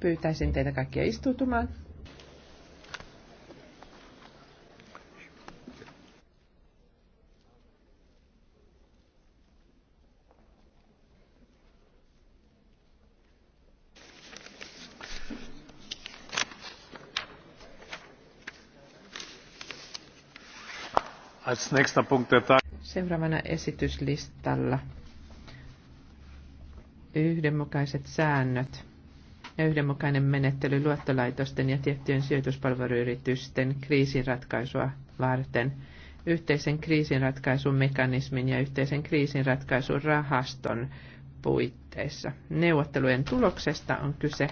Pyytäisin teitä kaikkia istutumaan. Seuraavana esityslistalla yhdenmukaiset säännöt ja yhdenmukainen menettely luottolaitosten ja tiettyjen sijoituspalveluyritysten kriisinratkaisua varten, yhteisen kriisinratkaisumekanismin ja yhteisen kriisinratkaisurahaston puitteissa. Neuvottelujen tuloksesta on kyse